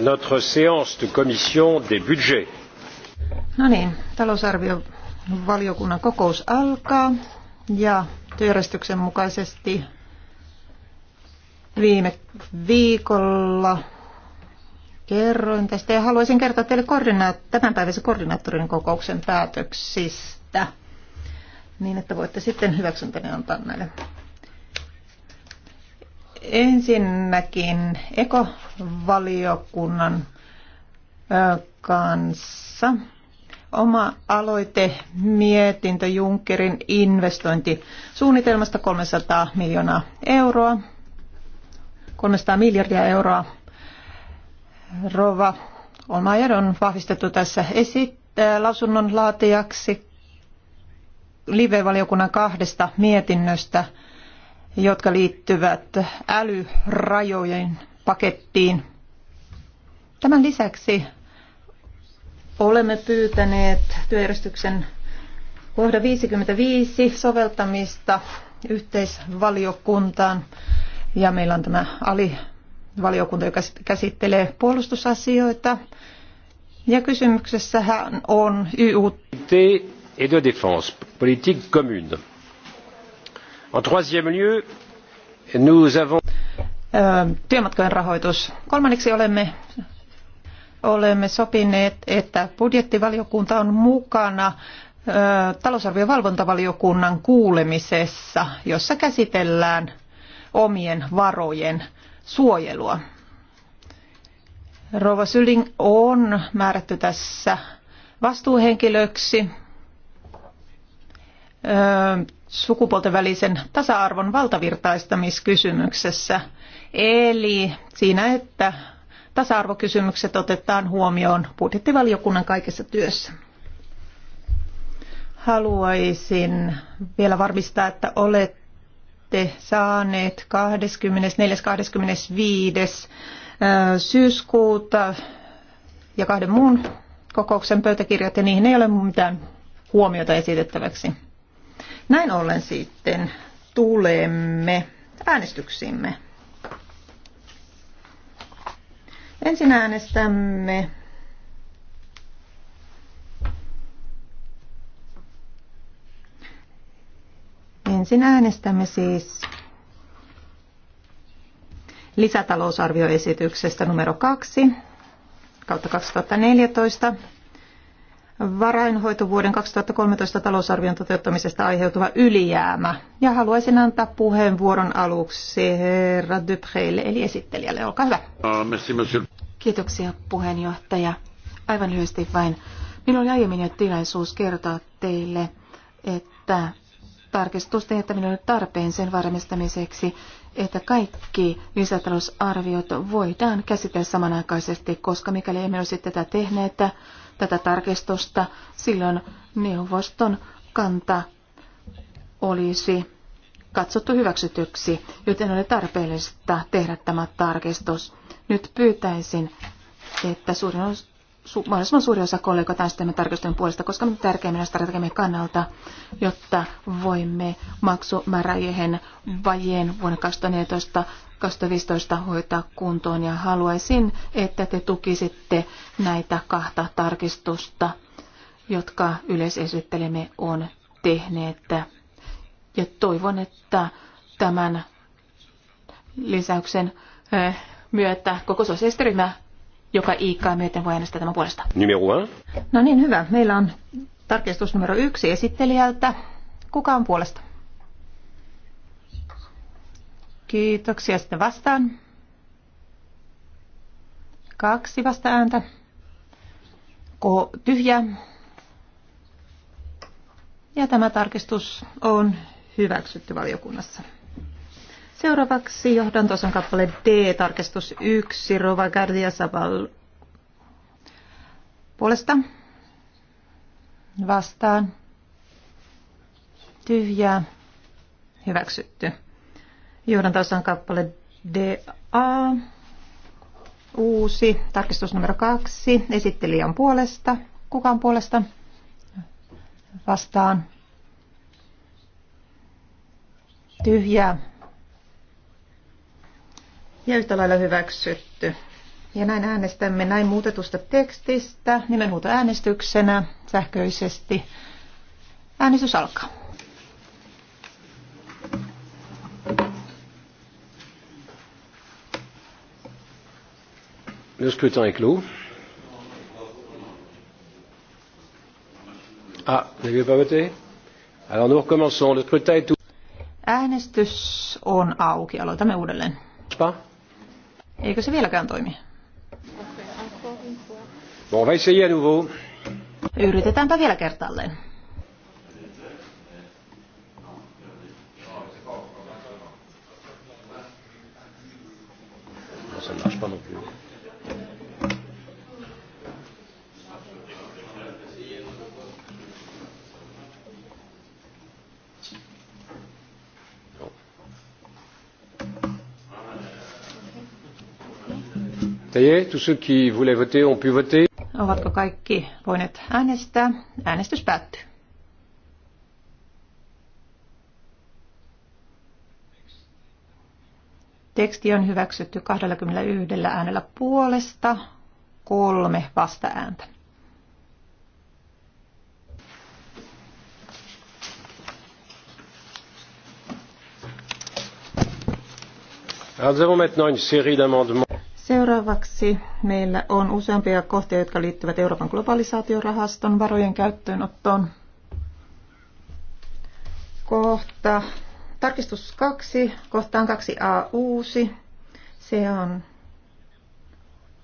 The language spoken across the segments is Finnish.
notre séance de commission des budgets. No niin, talousarviovaliokunnan kokous alkaa ja työjärjestyksen mukaisesti viime viikolla kerroin tästä ja haluaisin kertoa teille koordinaat- päivän koordinaattorin kokouksen päätöksistä niin, että voitte sitten hyväksyntäni antaa näille Ensinnäkin ekovaliokunnan kanssa oma aloite mietintö Junckerin investointisuunnitelmasta 300 miljoonaa euroa. 300 miljardia euroa. Rova Olmajer on vahvistettu tässä esittää lausunnon laatijaksi live-valiokunnan kahdesta mietinnöstä – jotka liittyvät älyrajojen pakettiin. Tämän lisäksi olemme pyytäneet työjärjestyksen kohda 55 soveltamista yhteisvaliokuntaan ja meillä on tämä alivaliokunta, joka käsittelee puolustusasioita. Ja kysymyksessähän on YU. Et e de défense, politique commune työmatkojen rahoitus. Kolmanneksi olemme, olemme sopineet, että budjettivaliokunta on mukana talousarvion valvontavaliokunnan kuulemisessa, jossa käsitellään omien varojen suojelua. Rova Syling on määrätty tässä vastuuhenkilöksi sukupuolten välisen tasa-arvon valtavirtaistamiskysymyksessä. Eli siinä, että tasa-arvokysymykset otetaan huomioon budjettivaliokunnan kaikessa työssä. Haluaisin vielä varmistaa, että olette saaneet 24.-25. syyskuuta ja kahden muun kokouksen pöytäkirjat, ja niihin ei ole mitään huomiota esitettäväksi. Näin ollen sitten tulemme äänestyksimme. Ensin äänestämme Ensin äänestämme siis lisätalousarvioesityksestä numero 2 kautta 2014 varainhoitovuoden 2013 talousarvion toteuttamisesta aiheutuva ylijäämä. Ja haluaisin antaa puheenvuoron aluksi herra Dupreille, eli esittelijälle. Olkaa hyvä. Ah, Kiitoksia puheenjohtaja. Aivan lyhyesti vain. Minulla oli aiemmin jo tilaisuus kertoa teille, että tarkistusten jättäminen on tarpeen sen varmistamiseksi, että kaikki lisätalousarviot voidaan käsitellä samanaikaisesti, koska mikäli emme olisi tätä tehneet, tätä tarkistusta, silloin neuvoston kanta olisi katsottu hyväksytyksi, joten oli tarpeellista tehdä tämä tarkistus. Nyt pyytäisin, että suurin osa, su, mahdollisimman suuri osa kollegoita äänestämme tarkistuksen puolesta, koska on tärkeimmin strategian kannalta, jotta voimme maksumääräjien vajeen vuonna 2014 2015 hoitaa kuntoon ja haluaisin, että te tukisitte näitä kahta tarkistusta, jotka yleisesittelemme on tehneet. Ja toivon, että tämän lisäyksen eh, myötä koko sosiaaliryhmä joka iikkaa myöten voi äänestää tämän puolesta. Numero No niin, hyvä. Meillä on tarkistus numero yksi esittelijältä. Kuka on puolesta? Kiitoksia. Sitten vastaan. Kaksi vasta ääntä. Ko tyhjä. Ja tämä tarkistus on hyväksytty valiokunnassa. Seuraavaksi tuossa kappale D, tarkistus 1, Rova Gardia Saval puolesta. Vastaan. Tyhjää. Hyväksytty taas on kappale DA, uusi, tarkistus numero kaksi, esittelijä on puolesta. Kuka on puolesta? Vastaan. Tyhjä. Ja yhtä lailla hyväksytty. Ja näin äänestämme näin muutetusta tekstistä äänestyksenä sähköisesti. Äänestys alkaa. Le scrutin est clos. Ah, vous n'avez pas voté Alors nous recommençons. Le scrutin est ouvert. Äänestys on auki. Aloitamme uudelleen. Pas. Eikö se vieläkään toimi? Bon, va essayer à nouveau. Yritetäänpä vielä kertaalleen. Ça ne marche pas non plus. Ovatko kaikki voineet äänestää? Äänestys päättyy. Teksti on hyväksytty 21 äänellä puolesta, kolme vastaääntä. Alors nous avons maintenant une série d'amendements. Seuraavaksi meillä on useampia kohtia, jotka liittyvät Euroopan globalisaatiorahaston varojen käyttöönottoon. Kohta, tarkistus 2, kohtaan 2a uusi. Se on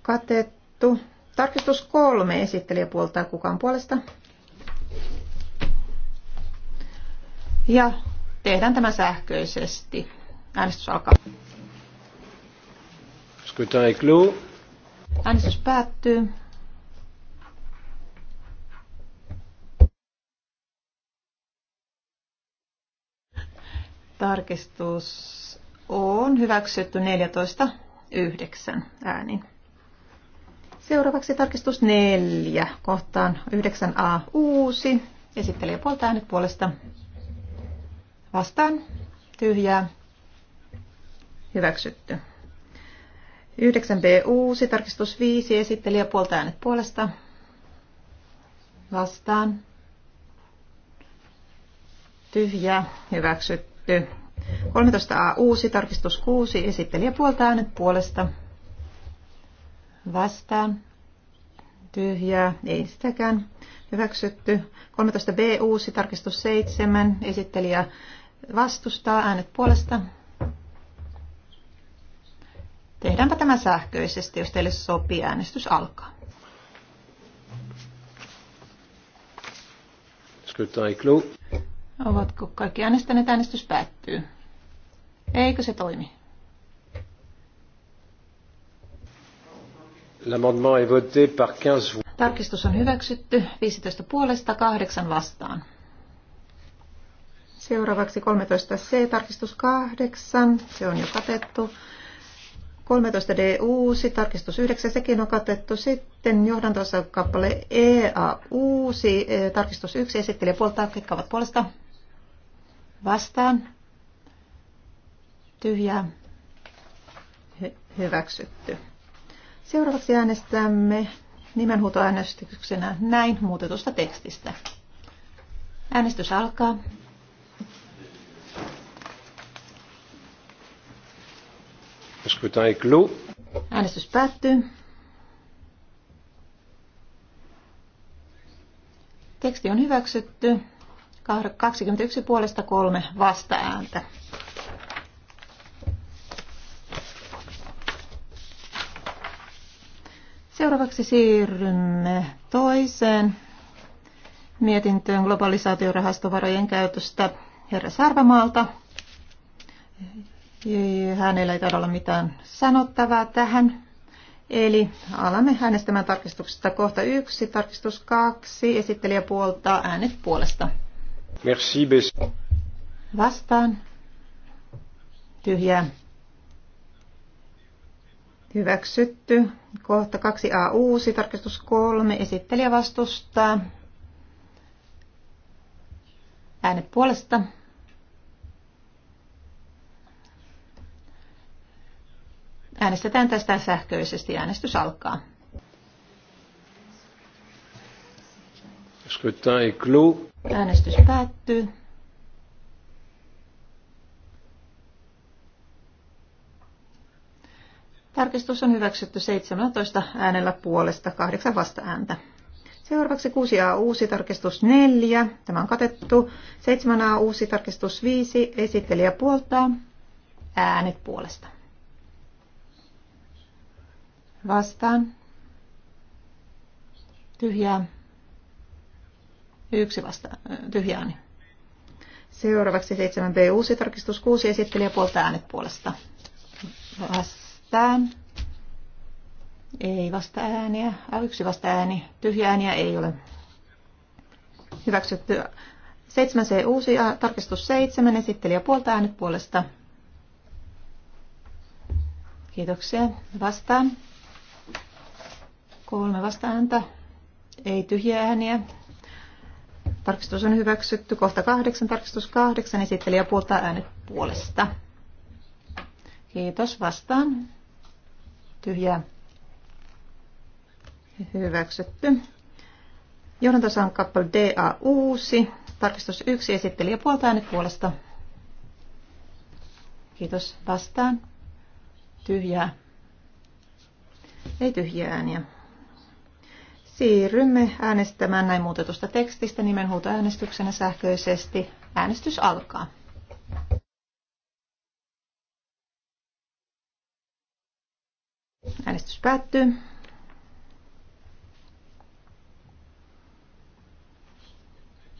katettu. Tarkistus 3 esittelijä puoltaa kukaan puolesta. Ja tehdään tämä sähköisesti. Äänestys alkaa. Scrutin est clos. Äänestys päättyy. Tarkistus on hyväksytty 14.9 äänin. Seuraavaksi tarkistus 4 kohtaan 9a uusi. Esittelijä puolta äänet puolesta. Vastaan. Tyhjää. Hyväksytty. 9b uusi, tarkistus 5, esittelijä puolta äänet puolesta. Vastaan. Tyhjä, hyväksytty. 13a uusi, tarkistus 6, esittelijä puolta äänet puolesta. Vastaan. Tyhjää, ei sitäkään. Hyväksytty. 13b uusi, tarkistus 7, esittelijä vastustaa äänet puolesta Tehdäänpä tämä sähköisesti, jos teille sopii. Äänestys alkaa. Ovatko kaikki äänestäneet? Äänestys päättyy. Eikö se toimi? L'amendement est voté par 15 Tarkistus on hyväksytty 15 puolesta 8 vastaan. Seuraavaksi 13c, tarkistus 8, se on jo katettu. 13 D uusi, tarkistus 9, sekin on katettu. Sitten johdantossa kappale EA uusi, e, tarkistus 1, esittelijä puolta, klikkaavat puolesta. Vastaan. Tyhjää. Hy- hyväksytty. Seuraavaksi äänestämme nimenhuutoäänestyksenä näin muutetusta tekstistä. Äänestys alkaa. Le scrutin est clos. Äänestys päättyy. Teksti on hyväksytty. 21 puolesta kolme vastaääntä. Seuraavaksi siirrymme toiseen mietintöön globalisaatiorahastovarojen käytöstä herra Sarvamaalta. Hänellä ei todella mitään sanottavaa tähän. Eli alamme äänestämään tarkistuksesta kohta yksi, tarkistus kaksi, esittelijä puoltaa äänet puolesta. Merci, Bess. Vastaan. Tyhjää. Hyväksytty. Kohta 2a uusi, tarkistus 3, esittelijä vastustaa. Äänet puolesta. Äänestetään tästä sähköisesti. Äänestys alkaa. Äänestys päättyy. Tarkistus on hyväksytty 17 äänellä puolesta, 8 vasta ääntä. Seuraavaksi 6a uusi tarkistus 4. Tämä on katettu. 7a uusi tarkistus 5. Esittelijä puoltaa. Äänet puolesta. Vastaan. Tyhjää. Yksi vasta, tyhjä Seuraavaksi 7b uusi tarkistus Kuusi esittelijä puolta äänet puolesta. Vastaan. Ei vasta ääniä. Yksi vasta ääni. Tyhjä ääniä ei ole. Hyväksytty. 7c uusi tarkistus 7 esittelijä puolta äänet puolesta. Kiitoksia. Vastaan. Kolme ääntä. Ei tyhjiä ääniä. Tarkistus on hyväksytty. Kohta kahdeksan. Tarkistus kahdeksan. Esittelijä puoltaa äänet puolesta. Kiitos. Vastaan. Tyhjää. Hyväksytty. Johdantosa on kappale DA uusi. Tarkistus 1. Esittelijä puolta äänet puolesta. Kiitos. Vastaan. Tyhjää. Ei tyhjää ääniä. Siirrymme äänestämään näin muutetusta tekstistä nimenhuutoäänestyksenä sähköisesti. Äänestys alkaa. Äänestys päättyy.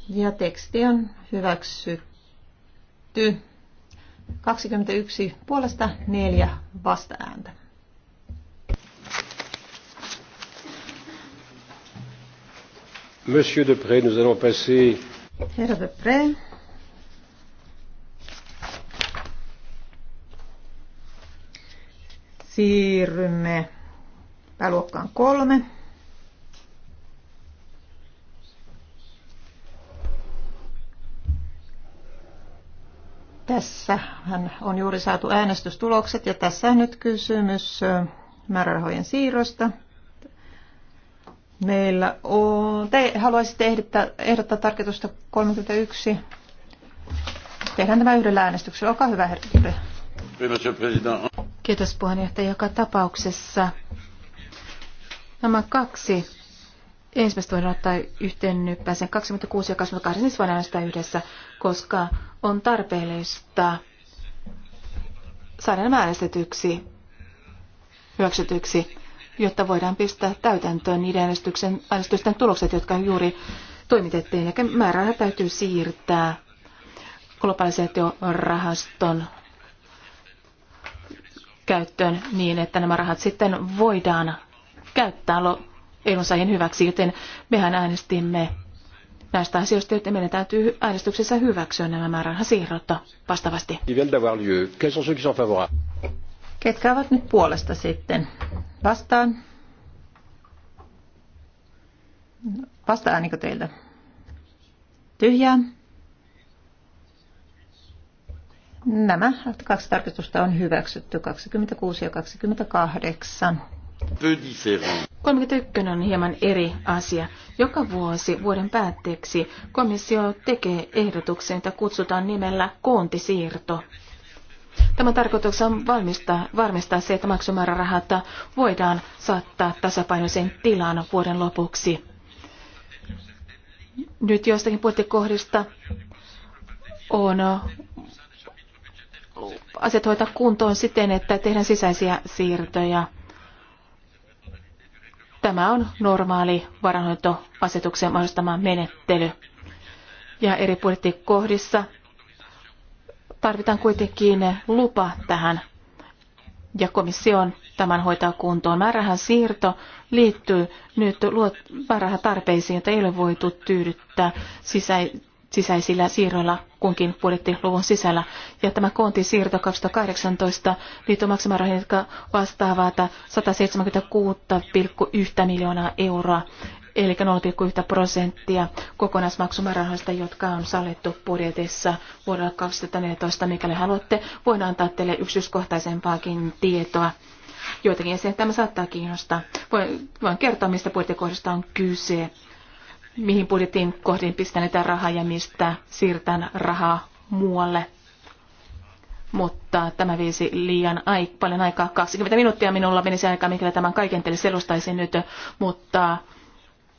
Ja teksti on hyväksytty. 21 puolesta, 4 vastaääntä. Monsieur Depré, nous allons passer. Herra Depré. Siirrymme pääluokkaan kolme. Tässä on juuri saatu äänestystulokset ja tässä on nyt kysymys määrärahojen siirrosta. Meillä on, te haluaisitte ehdottaa, ehdottaa tarkoitusta 31. Tehdään tämä yhdellä äänestyksellä. Olkaa hyvä, herra. Kiitos puheenjohtaja. Joka tapauksessa nämä kaksi ensimmäistä voidaan ottaa yhteen nyppäisen 26 ja 28, siis voidaan äänestää yhdessä, koska on tarpeellista saada nämä äänestetyksi, hyväksytyksi jotta voidaan pistää täytäntöön niiden äänestyksen, äänestysten tulokset, jotka juuri toimitettiin. Ja määräraha täytyy siirtää globalisaatiorahaston käyttöön niin, että nämä rahat sitten voidaan käyttää edunsaajien hyväksi, joten mehän äänestimme näistä asioista, joten meidän täytyy äänestyksessä hyväksyä nämä määrärahasiirrot vastaavasti. Ketkä ovat nyt puolesta sitten? Vastaan. Vasta ääniko teiltä? Tyhjää. Nämä kaksi tarkistusta on hyväksytty, 26 ja 28. 31 on hieman eri asia. Joka vuosi vuoden päätteeksi komissio tekee ehdotuksen, että kutsutaan nimellä koontisiirto. Tämän tarkoituksena on varmistaa se, että maksumäärärahat voidaan saattaa tasapainoisen tilaan vuoden lopuksi. Nyt joistakin budjettikohdista on asiat hoitaa kuntoon siten, että tehdään sisäisiä siirtoja. Tämä on normaali varanhoitoasetuksen mahdollistama menettely. Ja eri budjettikohdissa tarvitaan kuitenkin lupa tähän ja komission tämän hoitaa kuntoon. Määrähän siirto liittyy nyt määrärahatarpeisiin, joita ei ole voitu tyydyttää sisä, sisäisillä siirroilla kunkin budjettiluvun sisällä. Ja tämä siirto 2018 liittyy maksamarahoihin, jotka vastaavat 176,1 miljoonaa euroa eli 0,1 prosenttia kokonaismaksumäärärahoista, jotka on sallittu budjetissa vuodelle 2014. Mikäli haluatte, voin antaa teille yksityiskohtaisempaakin tietoa. Joitakin jäseniä tämä saattaa kiinnostaa. Voin, voin kertoa, mistä budjettikohdista on kyse, mihin budjetin kohdin pistetään rahaa ja mistä siirtän rahaa muualle mutta tämä viisi liian ai- paljon aikaa. 20 minuuttia minulla menisi aikaa, mikäli tämän kaiken teille selostaisin nyt, mutta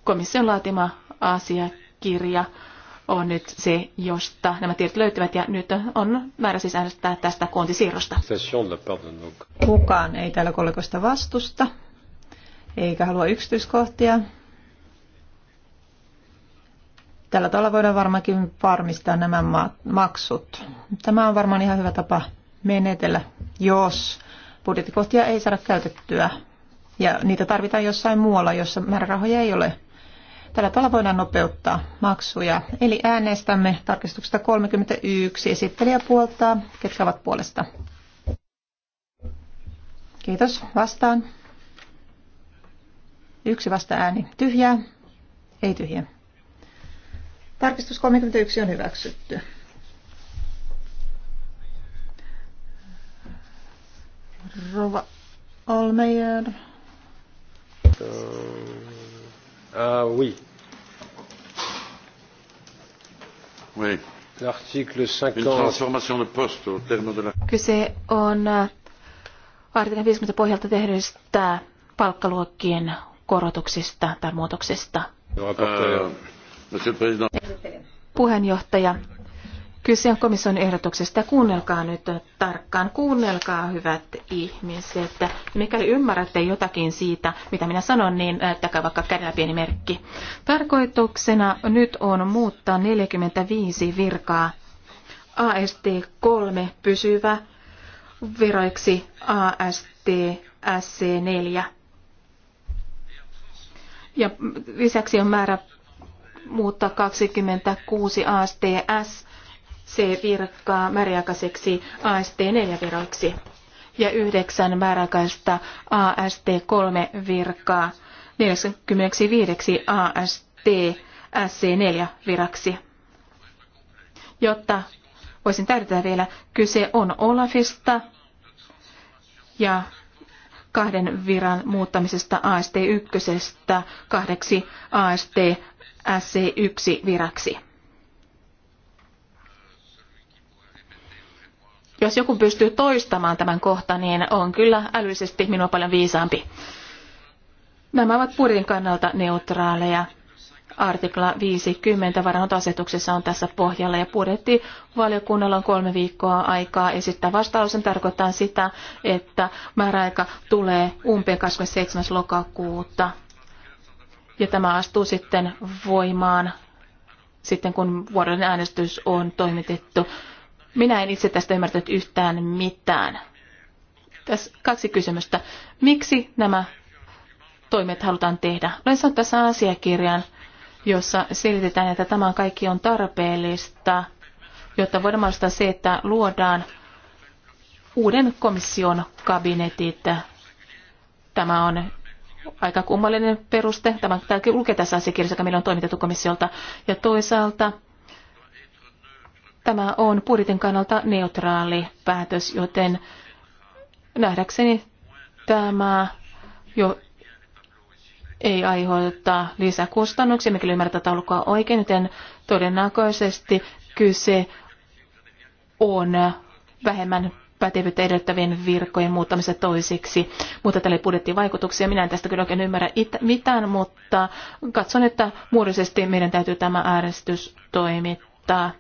Komission laatima asiakirja on nyt se, josta nämä tiedot löytyvät, ja nyt on määrä siis äänestää tästä koontisiirrosta. Kukaan ei täällä kollegoista vastusta, eikä halua yksityiskohtia. Tällä tavalla voidaan varmaankin varmistaa nämä maksut. Tämä on varmaan ihan hyvä tapa menetellä, jos budjettikohtia ei saada käytettyä. Ja niitä tarvitaan jossain muualla, jossa määrärahoja ei ole Tällä tavalla voidaan nopeuttaa maksuja. Eli äänestämme tarkistuksesta 31. Esittelijä puoltaa. Ketkä ovat puolesta? Kiitos. Vastaan. Yksi vasta ääni. Tyhjää. Ei tyhjä. Tarkistus 31 on hyväksytty. Rova Olmeier. Ah oui. Oui. L'article 50. Une transformation de poste au terme de la... Kyse on äh, artikla 50 pohjalta tehdystä palkkaluokkien korotuksista tai muutoksista. Ää, äh, puheenjohtaja, Kyse on komission ehdotuksesta. Kuunnelkaa nyt tarkkaan. Kuunnelkaa, hyvät ihmiset. Mikäli ymmärrätte jotakin siitä, mitä minä sanon, niin näyttäkää äh, vaikka kädellä pieni merkki. Tarkoituksena nyt on muuttaa 45 virkaa. AST3 pysyvä viroiksi astsc 4 Ja lisäksi on määrä muuttaa 26 ASTS se virkkaa määräaikaiseksi AST4-viraksi ja yhdeksän määräaikaista AST3-virkaa 45 AST SC4-viraksi. Jotta voisin täydentää vielä, kyse on Olafista ja kahden viran muuttamisesta AST1 kahdeksi AST SC1-viraksi. Jos joku pystyy toistamaan tämän kohtan, niin on kyllä älyllisesti minua paljon viisaampi. Nämä ovat purin kannalta neutraaleja. Artikla 50 varantoasetuksessa on tässä pohjalla ja valiokunnalla on kolme viikkoa aikaa esittää sen Tarkoittaa sitä, että määräaika tulee umpeen 27. lokakuuta ja tämä astuu sitten voimaan sitten kun vuoden äänestys on toimitettu. Minä en itse tästä ymmärtänyt yhtään mitään. Tässä kaksi kysymystä. Miksi nämä toimet halutaan tehdä? Olen saanut tässä asiakirjan, jossa selitetään, että tämä kaikki on tarpeellista, jotta voidaan mahdollistaa se, että luodaan uuden komission kabinetit. Tämä on aika kummallinen peruste. Tämä, tämä lukee tässä asiakirjassa, joka meillä on toimitettu komissiolta. Ja toisaalta Tämä on budjetin kannalta neutraali päätös, joten nähdäkseni tämä jo ei aiheuta lisäkustannuksia, mikäli ymmärtää taulukkoa oikein, joten todennäköisesti kyse on vähemmän pätevyyttä edellyttävien virkojen muuttamisesta toisiksi, mutta tälle vaikutuksia. Minä en tästä kyllä oikein ymmärrä mitään, mutta katson, että muodollisesti meidän täytyy tämä äänestys toimittaa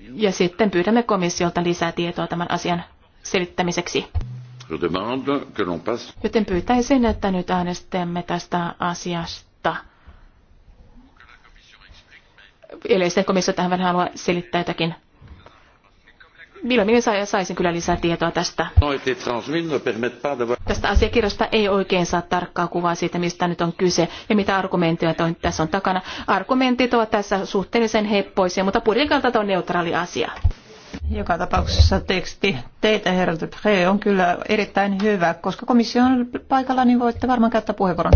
ja sitten pyydämme komissiolta lisää tietoa tämän asian selittämiseksi. Joten pyytäisin, että nyt äänestämme tästä asiasta. Eli se komissio tähän vähän haluaa selittää jotakin minä saisin kyllä lisää tietoa tästä. Tästä asiakirjasta ei oikein saa tarkkaa kuvaa siitä, mistä nyt on kyse ja mitä argumentteja on, tässä on takana. Argumentit ovat tässä suhteellisen heppoisia, mutta budjetilta on neutraali asia. Joka tapauksessa teksti teitä, herra Pre, on kyllä erittäin hyvä. Koska komissio on paikalla, niin voitte varmaan käyttää puheenvuoron.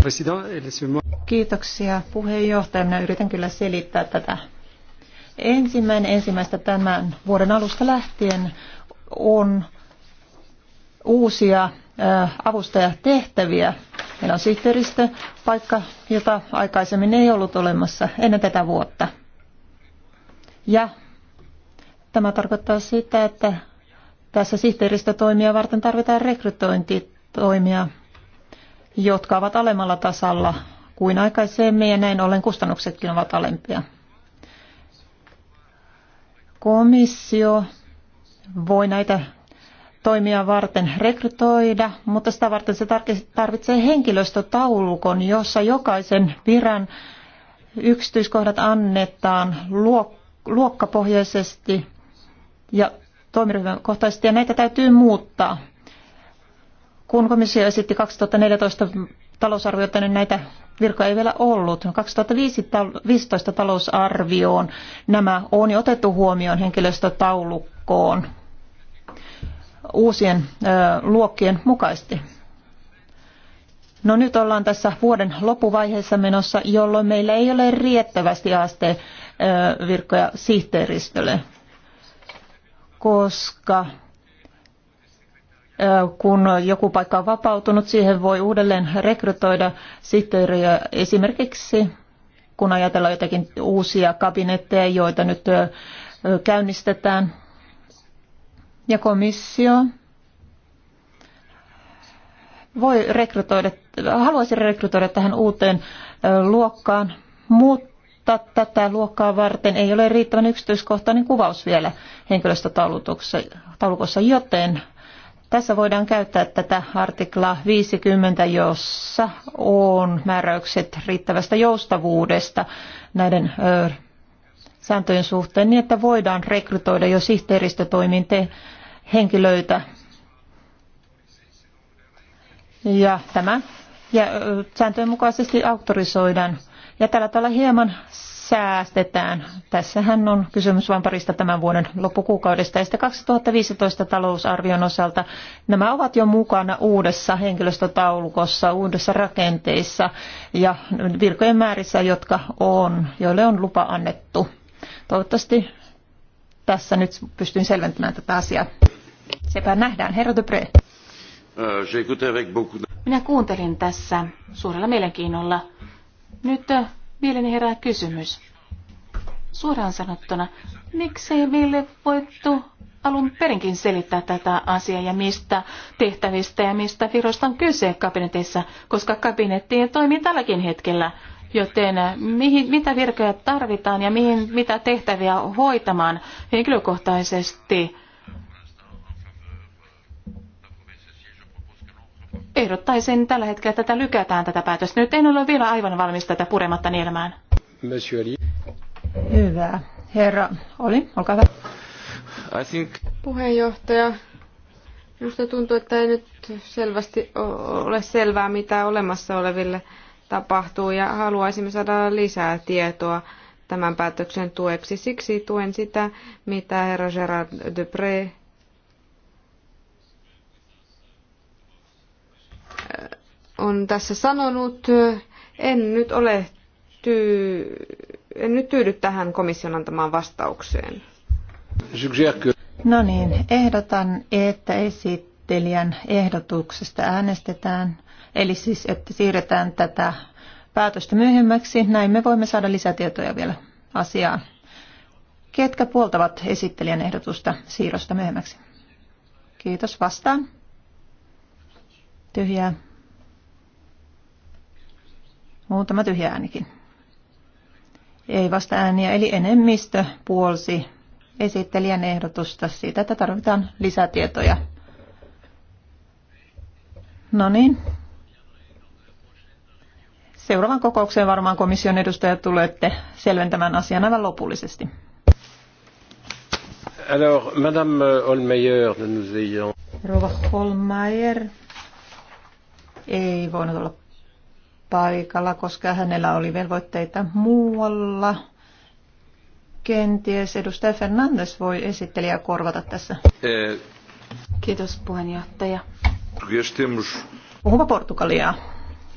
Kiitoksia puheenjohtaja. Minä yritän kyllä selittää tätä Ensimmäinen ensimmäistä tämän vuoden alusta lähtien on uusia avustajatehtäviä. Meillä on sihteeristö, paikka, jota aikaisemmin ei ollut olemassa ennen tätä vuotta. Ja tämä tarkoittaa sitä, että tässä sihteeristötoimia varten tarvitaan rekrytointitoimia, jotka ovat alemmalla tasalla kuin aikaisemmin ja näin ollen kustannuksetkin ovat alempia. Komissio voi näitä toimia varten rekrytoida, mutta sitä varten se tarvitsee henkilöstötaulukon, jossa jokaisen viran yksityiskohdat annetaan luokkapohjaisesti ja toimiryhmän kohtaisesti, ja näitä täytyy muuttaa. Kun komissio esitti 2014 talousarviota, niin näitä virka ei vielä ollut. 2015 talousarvioon nämä on jo otettu huomioon henkilöstötaulukkoon uusien luokkien mukaisesti. No nyt ollaan tässä vuoden loppuvaiheessa menossa, jolloin meillä ei ole riittävästi aasteen virkoja sihteeristölle, koska kun joku paikka on vapautunut, siihen voi uudelleen rekrytoida sihteeriä esimerkiksi, kun ajatellaan jotakin uusia kabinetteja, joita nyt käynnistetään. Ja komissio voi rekrytoida, haluaisi rekrytoida tähän uuteen luokkaan, mutta tätä luokkaa varten ei ole riittävän yksityiskohtainen kuvaus vielä henkilöstötaulukossa, joten tässä voidaan käyttää tätä artiklaa 50, jossa on määräykset riittävästä joustavuudesta näiden ö, sääntöjen suhteen niin, että voidaan rekrytoida jo sihteeristötoimiin henkilöitä. Ja tämä ja sääntöjen mukaisesti auktorisoidaan. Ja tällä tavalla hieman säästetään. Tässähän on kysymys vain parista tämän vuoden loppukuukaudesta. Ja sitten 2015 talousarvion osalta nämä ovat jo mukana uudessa henkilöstötaulukossa, uudessa rakenteissa ja virkojen määrissä, jotka on, joille on lupa annettu. Toivottavasti tässä nyt pystyn selventämään tätä asiaa. Sepä nähdään. Herra Dupré. Euh, Minä kuuntelin tässä suurella mielenkiinnolla. Nyt Mieleni herää kysymys. Suoraan sanottuna, miksei Ville voittu alun perinkin selittää tätä asiaa ja mistä tehtävistä ja mistä viroista on kyse kabinetissa, koska kabinetti toimii tälläkin hetkellä. Joten äh, mihin, mitä virkoja tarvitaan ja mihin, mitä tehtäviä hoitamaan henkilökohtaisesti ehdottaisin tällä hetkellä, että tätä lykätään tätä päätöstä. Nyt en ole vielä aivan valmis tätä purematta nielemään. Hyvä. Herra Oli, olkaa hyvä. I think... Puheenjohtaja, minusta tuntuu, että ei nyt selvästi ole selvää, mitä olemassa oleville tapahtuu ja haluaisimme saada lisää tietoa tämän päätöksen tueksi. Siksi tuen sitä, mitä herra Gerard Dupré on tässä sanonut. En nyt ole tyy... en nyt tyydy tähän komission antamaan vastaukseen. No niin, ehdotan, että esittelijän ehdotuksesta äänestetään, eli siis, että siirretään tätä päätöstä myöhemmäksi. Näin me voimme saada lisätietoja vielä asiaan. Ketkä puoltavat esittelijän ehdotusta siirrosta myöhemmäksi? Kiitos vastaan. Tyhjää muutama tyhjä äänikin. Ei vasta ääniä, eli enemmistö puolsi esittelijän ehdotusta siitä, että tarvitaan lisätietoja. No niin. Seuraavan kokoukseen varmaan komission edustajat tulette selventämään asian aivan lopullisesti. Alors, Madame Holmeyer, nous ayons... Rouva Holmeyer ei voinut olla paikalla, koska hänellä oli velvoitteita muualla. Kenties edustaja Fernandes voi esittelijä korvata tässä. Eh. Kiitos puheenjohtaja. Puhuva Portugalia.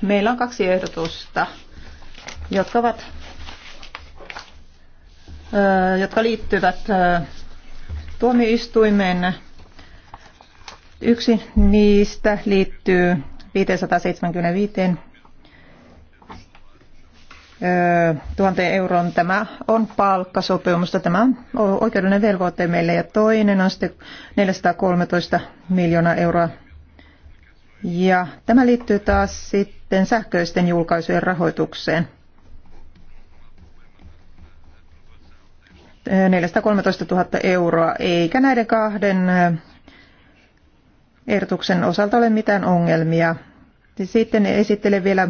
Meillä on kaksi ehdotusta, jotka, ovat, eh, jotka liittyvät eh, tuomioistuimeen. Yksi niistä liittyy 575 tuhanteen euroon. Tämä on palkkasopimusta. Tämä on oikeudellinen velvoite meille. Ja toinen on sitten 413 miljoonaa euroa. Ja tämä liittyy taas sitten sähköisten julkaisujen rahoitukseen. 413 000 euroa, eikä näiden kahden ehdotuksen osalta ole mitään ongelmia. Sitten esittelen vielä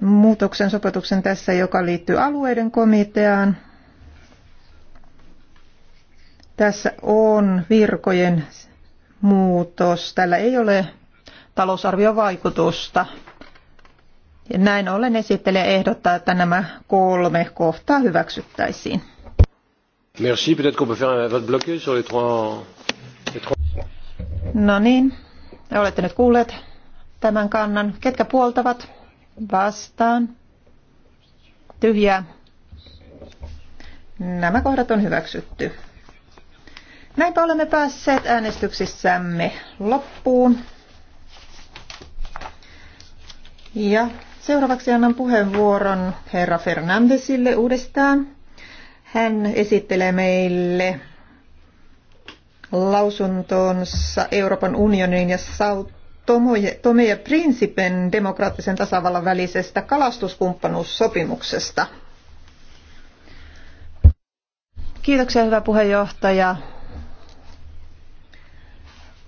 muutoksen sopetuksen tässä, joka liittyy alueiden komiteaan. Tässä on virkojen muutos. Tällä ei ole talousarviovaikutusta. Ja näin ollen esittelijä ehdottaa, että nämä kolme kohtaa hyväksyttäisiin. Merci. Peut-être qu'on peut faire un vote bloqué sur les trois... Les trois... No niin, olette nyt kuulleet tämän kannan. Ketkä puoltavat? vastaan, Tyhjä. Nämä kohdat on hyväksytty. Näinpä olemme päässeet äänestyksissämme loppuun. Ja seuraavaksi annan puheenvuoron herra Fernandesille uudestaan. Hän esittelee meille lausuntonsa Euroopan unionin ja South Tomeja Principen demokraattisen tasavallan välisestä kalastuskumppanuussopimuksesta. Kiitoksia, hyvä puheenjohtaja.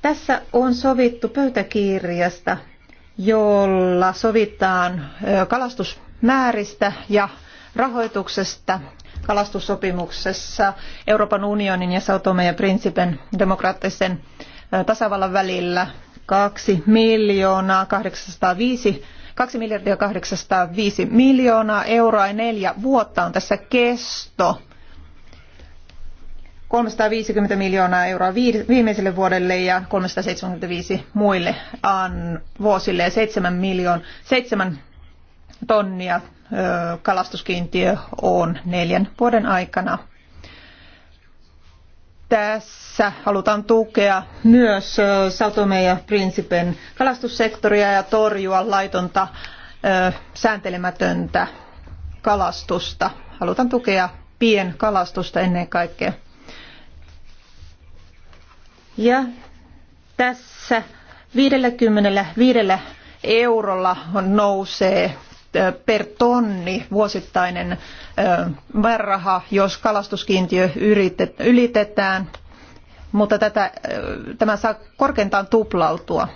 Tässä on sovittu pöytäkirjasta, jolla sovitaan kalastusmääristä ja rahoituksesta kalastussopimuksessa Euroopan unionin ja Sao ja Principen demokraattisen tasavallan välillä 2 miljoonaa 805 2 miljardia 805 miljoonaa euroa ja neljä vuotta on tässä kesto. 350 miljoonaa euroa viimeiselle vuodelle ja 375 muille vuosille ja 7, miljoon, 7 tonnia kalastuskiintiö on neljän vuoden aikana tässä halutaan tukea myös Satome ja Prinsipen kalastussektoria ja torjua laitonta sääntelemätöntä kalastusta. Halutaan tukea pienkalastusta ennen kaikkea. Ja tässä 55 eurolla nousee per tonni vuosittainen määräraha, jos kalastuskiintiö ylitetään, mutta tätä, tämä saa korkeintaan tuplautua.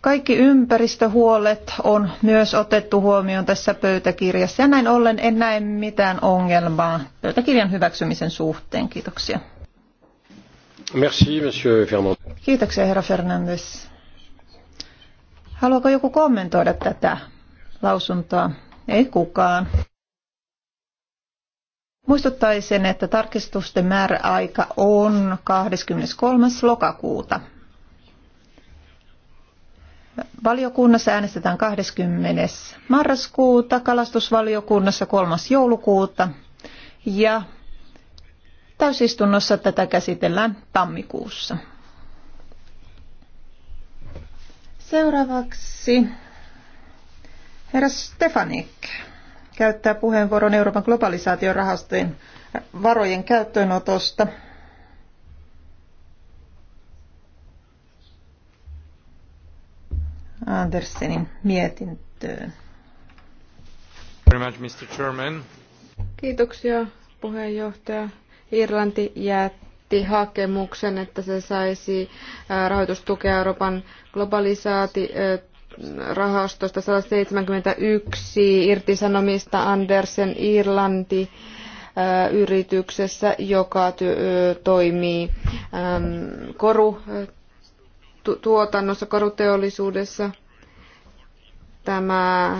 Kaikki ympäristöhuolet on myös otettu huomioon tässä pöytäkirjassa ja näin ollen en näe mitään ongelmaa pöytäkirjan hyväksymisen suhteen. Kiitoksia. Merci, Kiitoksia, herra Fernandes. Haluaako joku kommentoida tätä lausuntoa? Ei kukaan. Muistuttaisin, että tarkistusten määräaika on 23. lokakuuta. Valiokunnassa äänestetään 20. marraskuuta, kalastusvaliokunnassa 3. joulukuuta ja täysistunnossa tätä käsitellään tammikuussa. Seuraavaksi herra Stefanik käyttää puheenvuoron Euroopan rahastojen varojen käyttöönotosta. Andersenin mietintöön. Mr. Kiitoksia puheenjohtaja. Irlanti jää jätti hakemuksen, että se saisi rahoitustukea Euroopan globalisaati rahastosta 171 irtisanomista Andersen Irlanti yrityksessä, joka toimii korutuotannossa, koruteollisuudessa. Tämä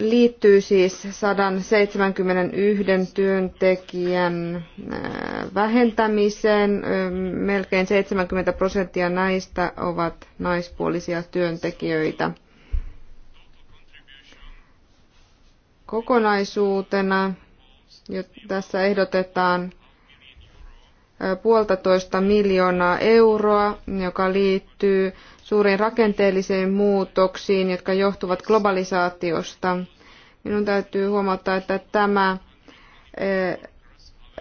liittyy siis 171 työntekijän äh, vähentämiseen. Melkein 70 prosenttia näistä ovat naispuolisia työntekijöitä. Kokonaisuutena jo tässä ehdotetaan puolitoista miljoonaa euroa, joka liittyy suuriin rakenteellisiin muutoksiin, jotka johtuvat globalisaatiosta. Minun täytyy huomata, että tämä eh,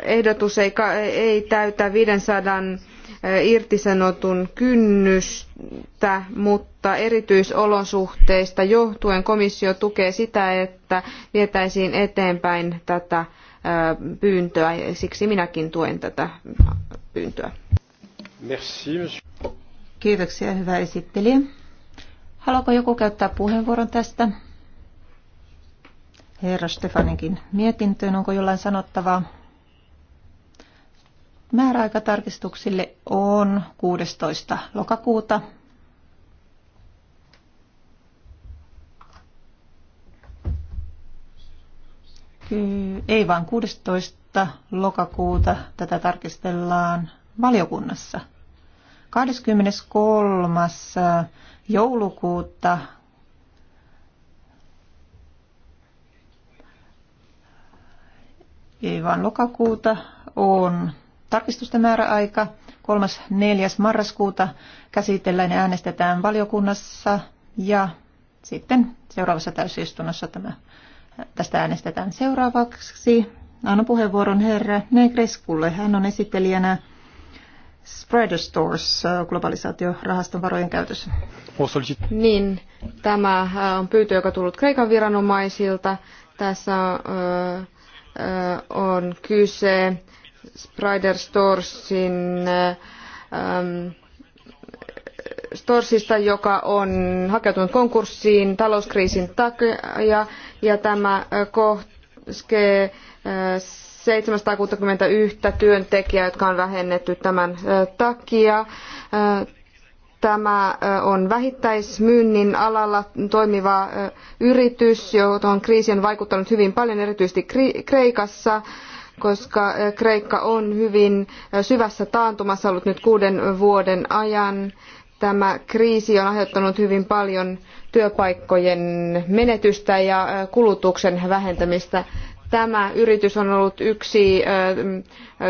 ehdotus ei, ei täytä 500 eh, irtisanotun kynnystä, mutta erityisolosuhteista johtuen komissio tukee sitä, että vietäisiin eteenpäin tätä pyyntöä. Ja siksi minäkin tuen tätä pyyntöä. Merci, monsieur. Kiitoksia, hyvä esittelijä. Haluaako joku käyttää puheenvuoron tästä? Herra Stefaninkin mietintöön, onko jollain sanottavaa? Määräaikatarkistuksille on 16. lokakuuta Mm, ei vaan 16. lokakuuta tätä tarkistellaan valiokunnassa. 23. joulukuuta ei vaan lokakuuta on tarkistusten määräaika. 3.4. marraskuuta käsitellään ja äänestetään valiokunnassa ja sitten seuraavassa täysistunnossa tämä Tästä äänestetään seuraavaksi. Anna puheenvuoron herra Negreskulle. Hän on esittelijänä Spreader Stores äh, globalisaatiorahaston varojen käytössä. Niin, tämä äh, on pyyntö, joka on tullut Kreikan viranomaisilta. Tässä äh, on kyse Spreader Storesin ähm, Storsista, joka on hakeutunut konkurssiin talouskriisin takia ja tämä koskee seitsemänsataakuusikymmentäyksi työntekijää, jotka on vähennetty tämän takia. Tämä on vähittäismyynnin alalla toimiva yritys, johon kriisi on vaikuttanut hyvin paljon, erityisesti Kreikassa koska Kreikka on hyvin syvässä taantumassa ollut nyt kuuden vuoden ajan tämä kriisi on aiheuttanut hyvin paljon työpaikkojen menetystä ja kulutuksen vähentämistä. Tämä yritys on ollut yksi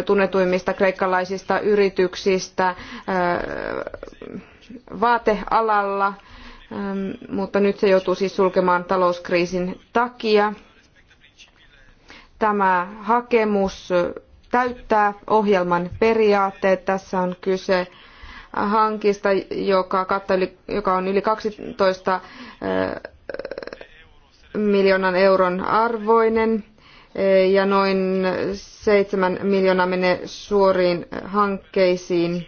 tunnetuimmista kreikkalaisista yrityksistä vaatealalla, mutta nyt se joutuu siis sulkemaan talouskriisin takia. Tämä hakemus täyttää ohjelman periaatteet. Tässä on kyse hankista, joka, kattaa yli, joka on yli 12 miljoonan euron arvoinen ja noin 7 miljoonaa menee suoriin hankkeisiin.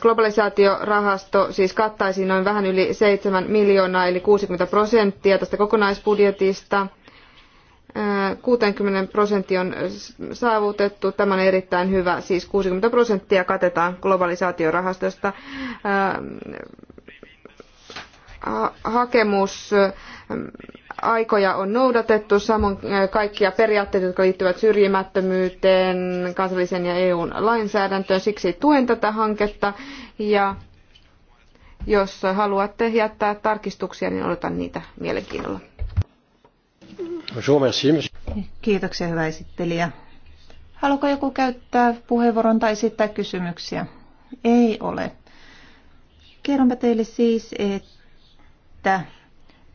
Globalisaatiorahasto siis kattaisi noin vähän yli 7 miljoonaa eli 60 prosenttia tästä kokonaisbudjetista – 60 prosentti on saavutettu. Tämä on erittäin hyvä, siis 60 prosenttia katetaan globalisaatiorahastosta. Hakemusaikoja on noudatettu, samoin kaikkia periaatteita, jotka liittyvät syrjimättömyyteen, kansallisen ja EUn lainsäädäntöön. Siksi tuen tätä hanketta ja jos haluatte jättää tarkistuksia, niin odotan niitä mielenkiinnolla. Kiitoksia, hyvä esittelijä. Haluatko joku käyttää puheenvuoron tai esittää kysymyksiä? Ei ole. Kerronpa teille siis, että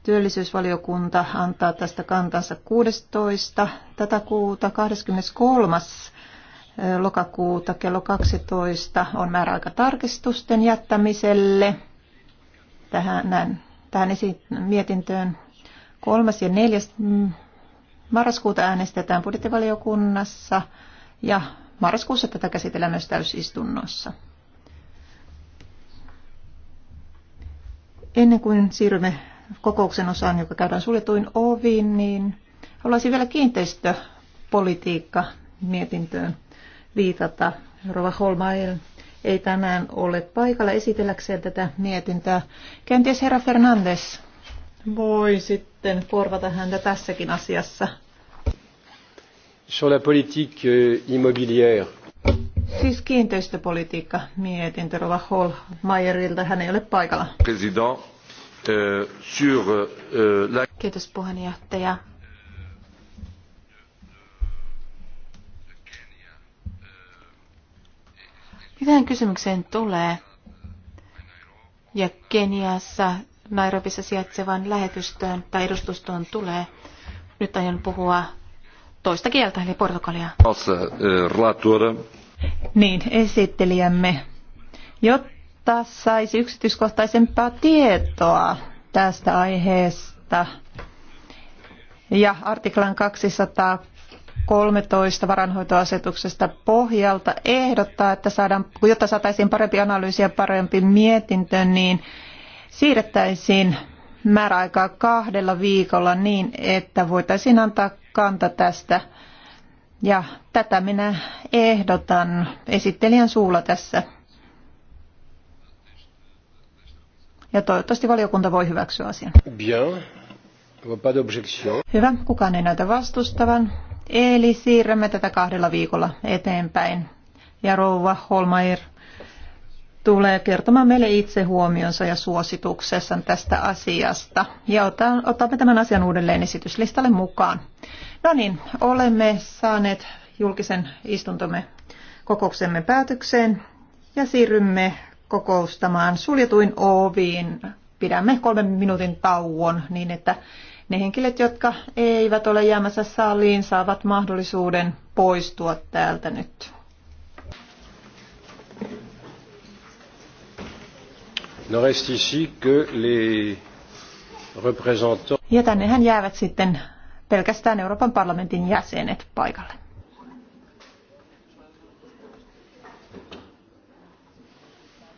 työllisyysvaliokunta antaa tästä kantansa 16. tätä kuuta 23. lokakuuta kello 12 on määräaika tarkistusten jättämiselle tähän, näin, tähän esi- mietintöön. Kolmas ja neljäs mm, Marraskuuta äänestetään budjettivaliokunnassa ja marraskuussa tätä käsitellään myös täysistunnossa. Ennen kuin siirrymme kokouksen osaan, joka käydään suljetuin oviin, niin haluaisin vielä kiinteistöpolitiikka mietintöön viitata. Rova Holmael ei tänään ole paikalla esitelläkseen tätä mietintää. Kenties herra Fernandes voi sitten korvata häntä tässäkin asiassa. Sur la politique euh, immobilière. Siis kiinteistöpolitiikka mietintö Rova Hall Mayerilta. Hän ei ole paikalla. President, euh, sur, euh, la... Kiitos puheenjohtaja. Mitä kysymykseen tulee? Ja Keniassa Nairobissa sijaitsevan lähetystöön tai edustustoon tulee. Nyt aion puhua toista kieltä, eli portugalia. Eh, niin, esittelijämme. Jotta saisi yksityiskohtaisempaa tietoa tästä aiheesta ja artiklan 213 varanhoitoasetuksesta pohjalta ehdottaa, että saadaan, jotta saataisiin parempi analyysi ja parempi mietintö, niin siirrettäisiin määräaikaa kahdella viikolla niin, että voitaisiin antaa kanta tästä. Ja tätä minä ehdotan esittelijän suulla tässä. Ja toivottavasti valiokunta voi hyväksyä asian. Bien. Hyvä, kukaan ei näytä vastustavan. Eli siirrämme tätä kahdella viikolla eteenpäin. Ja rouva Holmair tulee kertomaan meille itse huomionsa ja suosituksensa tästä asiasta. Ja otan, otamme tämän asian uudelleen esityslistalle mukaan. No niin, olemme saaneet julkisen istuntomme kokouksemme päätökseen ja siirrymme kokoustamaan suljetuin oviin. Pidämme kolmen minuutin tauon niin, että ne henkilöt, jotka eivät ole jäämässä saliin, saavat mahdollisuuden poistua täältä nyt. Ja tännehän jäävät sitten pelkästään Euroopan parlamentin jäsenet paikalle.